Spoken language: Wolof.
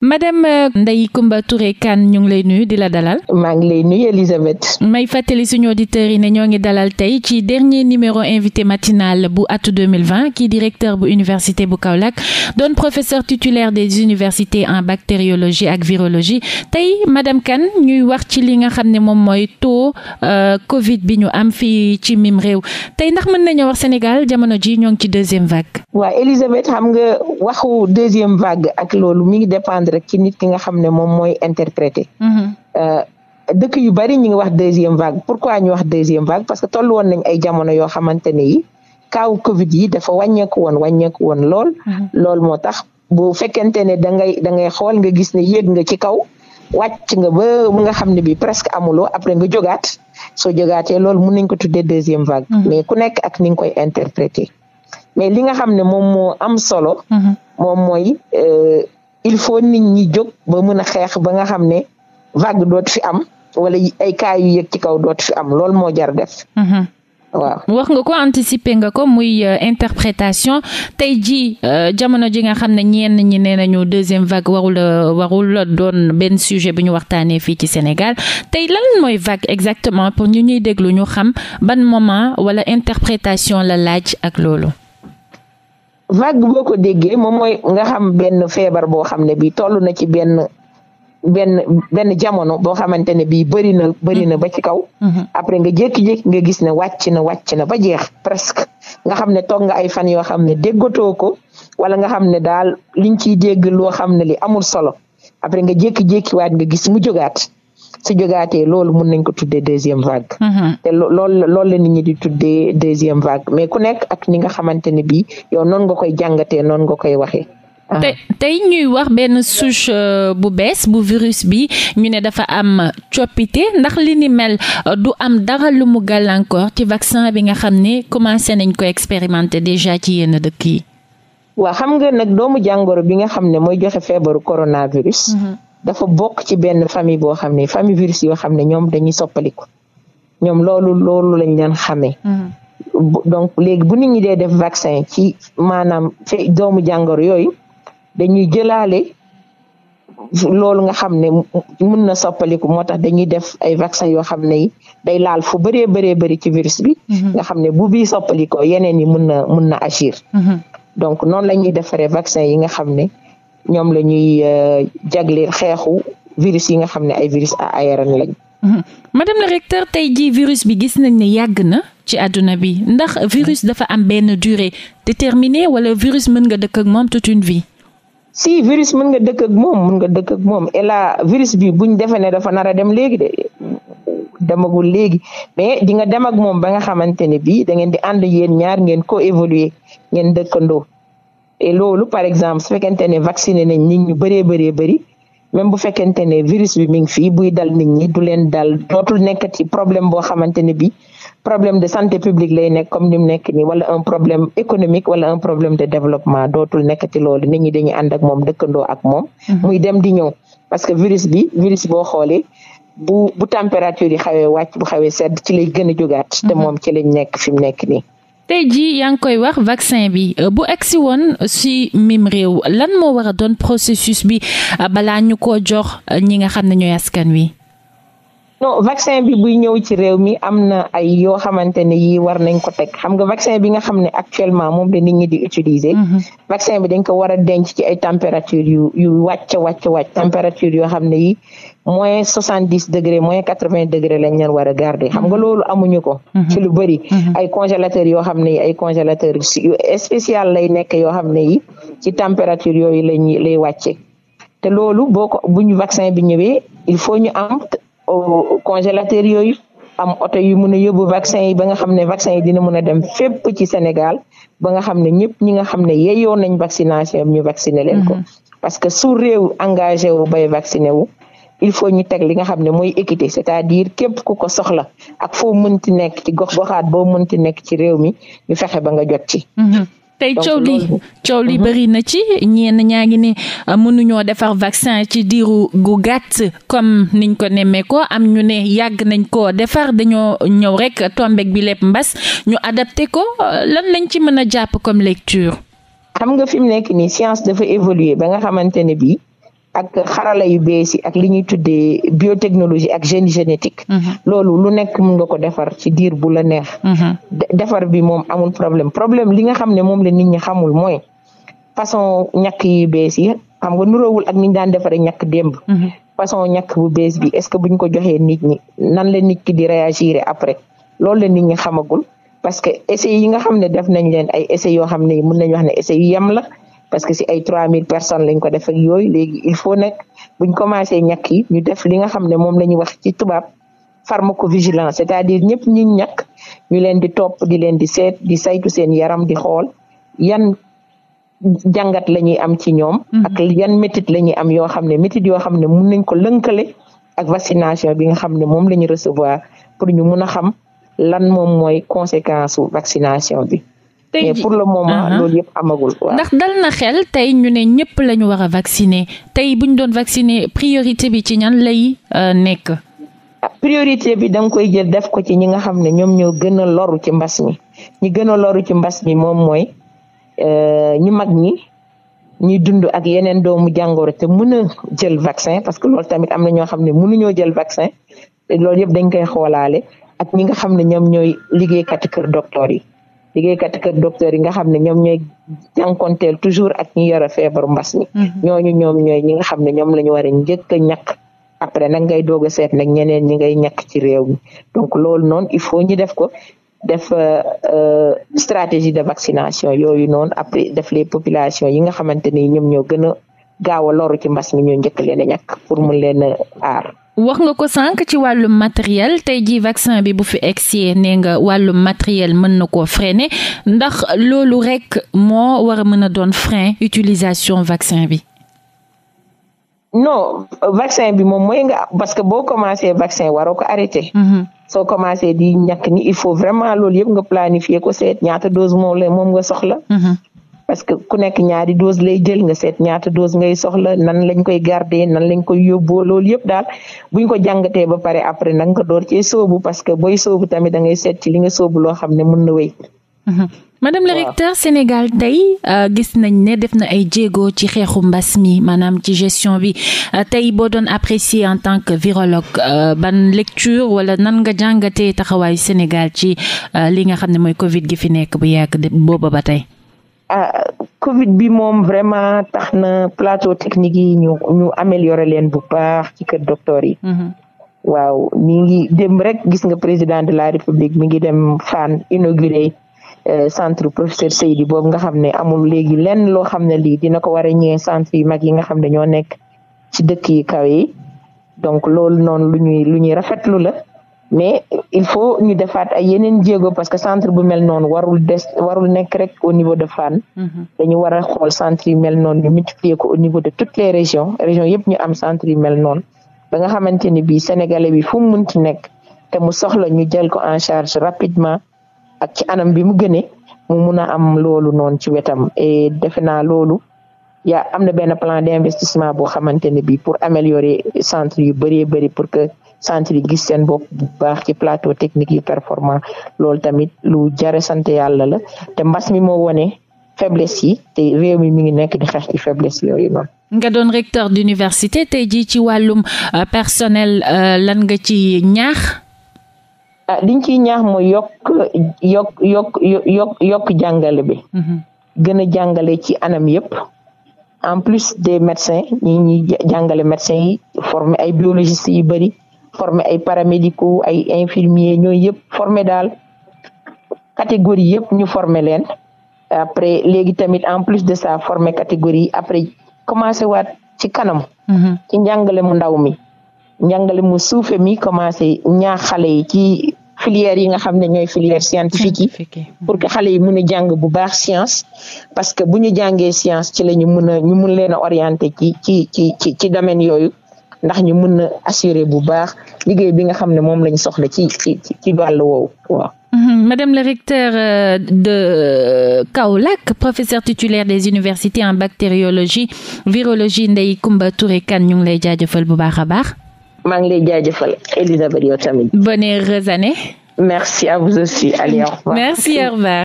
madame euh, Ndeye Comba Touré Kane ñu ngi lay nuyu di la dalal. maa ngi lay nuyu Elisabeth. may fàttali suñu auditeurs yi ne ñoo ngi dalal tey ci dernier numéro invité matinal bu atu 2020 kii directeur bu université bu Kaolack doon professeur titulaire des universités en bactériologie ak virologie tey madame Kane ñuy wax ci li nga xam ne moom mooy taux euh, Covid bi ñu am fii ci mim réew tey ndax mën nañoo wax Sénégal jamono ji ñoo ngi ci deuxième vague. waaw xam nga waxu deuxième vague ak loolu mi ngi dépendre dépendre rek ci nit ki nga xam ne moom mooy interpréter. Mm-hmm. Euh, dëkk yu bari ñu ngi wax deuxième vague pour pourquoi ñu wax deuxième vague parce que toll woon nañ ay jamono yoo xamante ne yi kaaw Covid yi dafa wàññeeku woon wàññeeku woon lool. Mm-hmm. lool moo tax bu fekkente ne da ngay da ngay xool nga gis ne yéeg nga ci kaw. wàcc nga ba nga xam ne bi presque amuloo après nga jogaat soo jogaatee loolu mun nañ ko tuddee deuxième vague. Mm-hmm. mais ku nekk ak ni nga koy interpréter. mais li nga xam ne moom moo am solo. moom euh, il faut nit ñi jóg ba mën a xeex ba nga xam ne vague dootu fi am wala ay cas yu yëg ci kaw dootu fi am lool moo jar def. Mhm. waaw wax nga ko anticiper nga ko muy euh, interprétation tey jii euh, jamono ji nga xam ne ñenn ñi nee nañu deuxième vague warul euh, warul doon benn sujet bu ñu waxtaanee fii ci Sénégal tey lan mooy vague exactement pour ñu ñuy déglu ñu xam ban moment wala interprétation la laaj ak loolu. vague boo ko déggee moom mooy nga xam benn feebar boo xam ne bii toll na ci benn benn benn jamono boo xamante ne bii bëri na bëri na ba ci kaw. Mm-hmm. après nga jékki-jékki nga gis ne wàcc na wàcc na ba jeex presque nga xam ne toog nga ay fan yoo xam ne déggatoo ko wala nga xam ne daal liñ ciy dégg loo xam ne li amul solo après nga jékki-jékkiwaat nga gis mu jógaat. su jógaatee loolu mun nañ ko tuddee deuxième vague. Mm-hmm. te loolu loolu la nit ñi di tuddee deuxième vague mais ku nekk ak ni nga xamante ne bii yow noonu nga koy jàngatee noonu nga koy waxee. Ah. te tey ñuy wax benn souche euh, bu bees bu virus bi ñu ne dafa am coppite ndax li ni mel euh, du am dara lu mu gàllankoor ci vaccin bi nga xam ne commencé nañ ko expérimenter déjà ci yenn dëkk yi. waaw xam nga nag doomu jàngoro bi nga xam ne mooy joxe feebaru coronavirus. Mm-hmm. dafa bokk ci benn famille boo xam ne famille virus yoo xam ne ñoom dañuy soppaliku ñoom loolu loolu lañ daan xamee. Mm-hmm. donc léegi bu nit ñi dee def vaccin ci maanaam fe doomu jàngoro yooyu dañuy jëlaale loolu nga xam ne mun na soppaliku moo tax dañuy def ay vaccin yoo xam ne yi day laal fu baree bëree bëri ci virus bi. Mm-hmm. nga xam ne bu bii soppalikoo yeneen yi mun na mun na agir. Mm-hmm. donc noonu la defaree vaccin yi nga xam ne. ñoom la ñuy euh, jagleel xeexu virus yi nga xam ne ay virus à ARN lañ. Mhm. madame la recteur tey jii virus bi gis nañ ne yàgg na ci àdduna bi ndax virus dafa am benn durée déterminée wala virus mën nga dëkk ak moom toute une si virus mën nga dëkk moom mën nga dëkk moom et là virus bi buñ defee ne dafa nar a dem léegi de demagul léegi mais di nga dem ak moom ba nga xamante ne bii da ngeen di ànd yéen ñaar ngeen co-évoluer ngeen dëkkandoo. loolu par exemple su fekkente ne vacciné nañ nit ñu bëree bëree bëri même bu fekkente ne virus bi mi ngi fii buy dal nit ñi du leen dal dootul nekkati problème boo xamante ne bi problème de santé publique lay nekk comme ni mu nekk nii wala un problème économique wala un problème de développement dootul nekkati loolu nit ñi dañuy ànd ak moom dëkkandoo ak mom mhm. muy dem di ñëw parce que virus bi virus boo xoolee. bu bu température yi xawee wàcc bu xawee sedd ci lay gën a jógaat. te mhm. moom ci lañ nekk fi mu nekk nii. tey jii yaa ngi koy wax vaccin bi euh, bu egsi woon si mim réew lan moo war a doon processus bi euh, balaa ñu ko jox euh, ñi nga xam ne ñooy askan wi. non vaccin bi buy ñëw ci réew mi am na ay yoo xamante ne yi war nañ ko teg xam nga vaccin bi nga xam ne actuellement moom la nit ñi di utiliser. Mm-hmm. vaccin bi dañ ko war a denc ci ay température yu yu wàcc wàcc wàcc température yoo xam ne yi moins soixante dix degré moins quatre vingt degré lañ ñan war a garder xam nga mm-hmm. loolu amuñu ko. Mm-hmm. ci lu bëri. ay congélateur yoo xam ne yi ay congélateur yu spécial lay nekk yoo xam ne yi ci température yooyu lañ lay wàcce te loolu boo ko buñu vaccin bi ñëwee il faut ñu am. o congélateur yooyu am oto yu mun a yóbbu vaccin yi ba nga xam ne vaccin yi dina mun a dem fépp ci Sénégal ba nga xam ne ñëpp ñi nga xam ne yeyoo nañ vaccination ñu vacciner leen ko. Mm-hmm. parce que su réew engagé wu bay vacciné wu il faut ñu teg li nga xam ne mooy équité c'est-à-dire képp ku ko soxla ak foo mënti nekk ci gox goxaat boo mënti nekk ci réew mi ñu fexe ba nga jot ci. Mm-hmm. tey coow li coow li mhm. bëri na ci ñenn ñaa ngi ne euh, mënuñoo defar vaccin ci diiru gu gàtt comme niñ ko nemmee ko am ñu ne yàgg nañ koo defar dañoo ñëw rek tombek bi lépp mbas ñu adapté ko euh, lan lañ ci mën a jàpp comme lecture xam nga fi mu nekk nii science dafa évoluer ba nga xamante ne bii ak xarala yu bees yi ak li ñuy tuddee biotechnologie ak génie génétique. Mhm. loolu lu nekk mun nga ko defar ci diir bu la neex. Mhm. defar bi moom amul problème problème li nga xam ne moom la nit ñi xamul mooy façon ñàkk yu bees yi xam nga nuroowul ak ni ñu daan defaree ñàkk démb. Mhm. façon ñàkk bu bees bi est-ce que buñ ko joxee nit ñi nan la nit ki di réagir après loolu la nit ñi xamagul parce que essais yi nga xam ne def nañ ay essais yoo xam ne mun nañ wax ne essais yu la. parce que si ay trois mille personnes lañ ko def ak yooyu léegi il faut nag buñ commencé ñàkk yi ñu def li nga xam ne moom la ñuy wax ci tubaab pharmacovigilance c'est-à-dire ñëpp ñu ñàkk ñu leen di topp di leen di seet di saytu seen yaram di xool yan jàngat la ñuy am ci ñoom. Mm-hmm. ak yan métit la ñuy am yoo xam ne métit yoo xam ne mun nañ ko lënkale ak vaccination bi nga xam ne moom la recevoir pour ñu mun a xam lan moom mooy conséquence su vaccination bi. mais pour le moment ah, ah. loolu yëpp amagul waaw ndax dal na xel tey ñu ne ñëpp la ñu war a vacciner tey bu ñu doon vacciner priorité bi ci ñan lay euh, nekk. Ah, priorité bi da nga koy jël def ko ci ñi nga xam ne ñoom ñoo gën a loru ci mbas mi ñi gën a loru ci mbas mi moom mooy euh, ñu mag ñi ñuy dund ak yeneen doomu jàngoro te mën a jël vaccin parce que loolu tamit am na ñoo xam ne mënuñoo jël vaccin loolu yëpp dañ koy xoolaale ak ñi nga xam ne ñoom ñooy liggéeykat kër docteur yi. liggéeykati kër docteur yi nga xam ne ñoom ñooy jànkonteel toujours ak ñi yore feebaru mbas mi mm-hmm. ñooñu ñoom ñooy ñi nga xam ne ñoom lañu ñu war a njëkk a ñàkk après nag ngay doog a seet nag ñeneen ñi ngay ñaq ci réew mi donc loolu noon il faut ñu def ko def euh, euh, stratégie de vaccination yooyu noonu après def les populations yi nga xamante ni ñoom ñoo gën gaaw a loru ci mbas mi ñoo njëkk leen a ñàkk pour mun leen aar. wax nga ko sànq ci wàllum matériel tey jii vaccin bi bu fi egsi nee nga wàllum matériel mën na koo freiner ndax loolu rek moo war a mën a doon frein utilisation vaccin bi. non vaccin bi moom mooy nga parce que boo commencé vaccin waroo ko arrêté. Mhm. soo commencé di ñàkk ni il faut vraiment loolu yëpp nga planifier ko seet ñaata dose moom la moom nga soxla. Mhm. parce que ku nekk ñaari dose lay jël nga seet ñaata dose ngay soxla nan lañ koy garder nan lañ koy yóbboo loolu yëpp daal buñ ko jàngatee ba pare après nag nga door cee sóobu parce que booy soobu tamit da ngay seet ci li nga sóobu loo xam ne mën na wéy. Mhm. madame la recteur Sénégal tey euh, gis nañ ne def na ay jéego ci xeexu mbas mi maanaam ci gestion bi euh, tey boo doon apprécier en tant que virologue euh, ban lecture wala nan nga jàngatee taxawaayu Sénégal ci li nga xam ne mooy Covid gi fi nekk bu yàgg booba ba tey. Euh, Covid bi moom vraiment tax na plateau technique yi ñu ñu améliorer leen bu baax ci kër docteur yi. Mhm. waaw mi ngi dem rek gis nga président de la république mi ngi dem Fann inauguré euh, centre professeur Seydi boobu nga xam ne amul léegi lenn loo xam ne lii dina ko war a ñëwee centre yu mag yi nga xam ne ñoo nekk ci dëkk yi kaw yi donc loolu noonu lu ñuy lu ñuy rafetlu la. mais il faut ñu defaat ay yeneen jéego parce que centre bu mel noonu warul des warul nekk rek au niveau de Fann mm-hmm. dañu war a xool centre yu mel noonu ñu multiplier ko au niveau de toutes les régions régions yëpp ñu am centre yu mel noon ba nga xamante ni bii sénégalais bi fu mu munti nekk te mu soxla ñu jël ko en charge rapidement ak ci anam bi mu gënee mu mun a am loolu noonu ci wetam et defe naa loolu yaa am na benn plan d'investissement boo xamante ne bii pour améliorer centre yu bëree bëri pour que centre yi gis seen bopp bu baax ci plateau technique yu performant loolu tamit lu jare sant yàlla la te mbas mi moo wone faiblesse yi te réew mi mi ngi nekk di xeex ci faiblesse yooyu noonu. nga doon recteur d'université tey jii ci wàllum euh, personnel euh, lan nga ci ñaax. ah liñ ci ñaax mooy yokk yokk yokk yokk jàngale bi. Mm-hmm. gën a jàngale ci anam yépp en plus des médecins ñi ñuy jàngale médecins yi former ay biologistes yu bëri former ay paramédicaux ay infirmiers ñooyu yëpp former daal catégorie yëpp ñu former leen après léegi tamit en plus de ça former catégorie après commencé waat ci kanam mm-hmm. ci njàngale mu ndaw mi njàngale mu suufe mi commencé ñaax xale yi ci filières yi nga xam ne ñooy filière scientifique yi pour que mhm. xale yi mun a jàng bu baax science parce que bu ñu jàngee science ci la ñu mën a ñu mun leen orienté ci ci ci ci ci domaine yooyu ndax ñu mën a assurer bu baax liggéey bi nga xam ne moom lañ soxla ci ci ci wàllu woowu waaw mhm. Madame le recteur euh, de euh, Kaolack, professeur titulaire des universités en bactériologie, virologie Ndeye Comba Touré Kane ñu ngi lay jaajëfal bu baax a baax maa ngi lay jaajëfal Elisabeth yow tamit. bonne heureuse année. merci à vous aussi allez au merci au revoir.